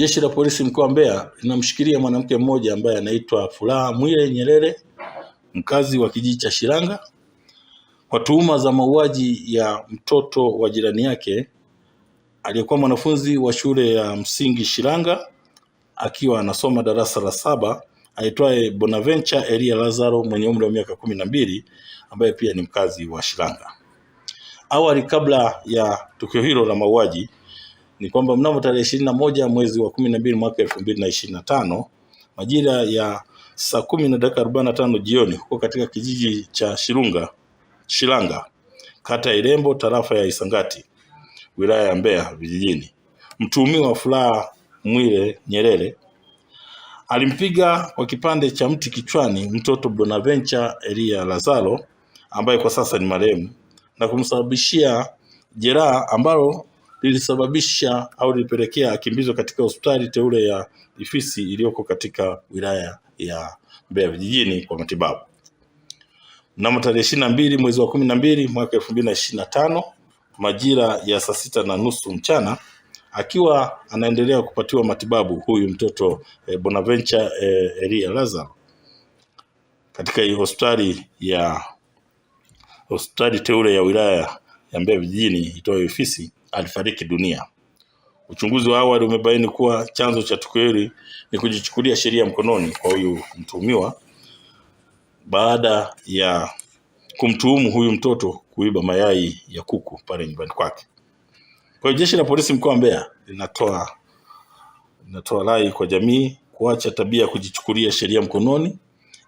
Jeshi la Polisi mkoa wa Mbeya linamshikilia mwanamke mmoja ambaye anaitwa Furaha Mwile Nyerere, mkazi wa kijiji cha Shiranga kwa tuhuma za mauaji ya mtoto wa jirani yake aliyekuwa mwanafunzi wa shule ya msingi Shiranga akiwa anasoma darasa la saba aitwaye Bonaventure Elia Lazaro mwenye umri wa miaka kumi na mbili ambaye pia ni mkazi wa Shiranga. Awali kabla ya tukio hilo la mauaji ni kwamba mnamo tarehe ishirini na moja mwezi wa kumi na mbili mwaka elfu mbili na ishirini na tano majira ya saa kumi na dakika arobaini na tano jioni huko katika kijiji cha Shirunga, Shilanga, kata ya Irembo, tarafa ya Isangati, wilaya ya Mbeya vijijini, mtuhumiwa Furaha Mwile Nyerere alimpiga kwa kipande cha mti kichwani mtoto Bonaventure Elia Lazaro ambaye kwa sasa ni marehemu na kumsababishia jeraha ambalo lilisababisha au lilipelekea akimbizwa katika hospitali teule ya Ifisi iliyoko katika wilaya ya Mbeya vijijini kwa matibabu. Mnamo tarehe ishirini na mbili mwezi wa kumi na mbili mwaka elfu mbili na ishirini na tano majira ya saa sita na nusu mchana akiwa anaendelea kupatiwa matibabu huyu mtoto eh, Bonaventure eh, Elia Lazaro katika hospitali ya hospitali teule ya wilaya ya Mbeya vijijini itoayo Ifisi alifariki dunia. Uchunguzi wa awali umebaini kuwa chanzo cha tukio hili ni kujichukulia sheria mkononi kwa huyu mtuhumiwa baada ya kumtuhumu huyu mtoto kuiba mayai ya kuku pale nyumbani kwake. Kwa hiyo jeshi la polisi mkoa wa Mbeya linatoa linatoa rai kwa jamii kuacha tabia ya kujichukulia sheria mkononi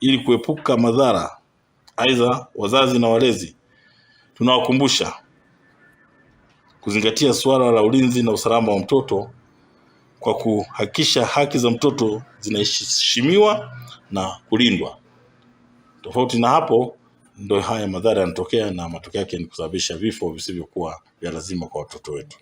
ili kuepuka madhara. Aidha, wazazi na walezi tunawakumbusha kuzingatia suala la ulinzi na usalama wa mtoto kwa kuhakikisha haki za mtoto zinaheshimiwa na kulindwa. Tofauti na hapo, ndio haya madhara yanatokea, na matokeo yake ni kusababisha vifo visivyokuwa vya lazima kwa watoto wetu.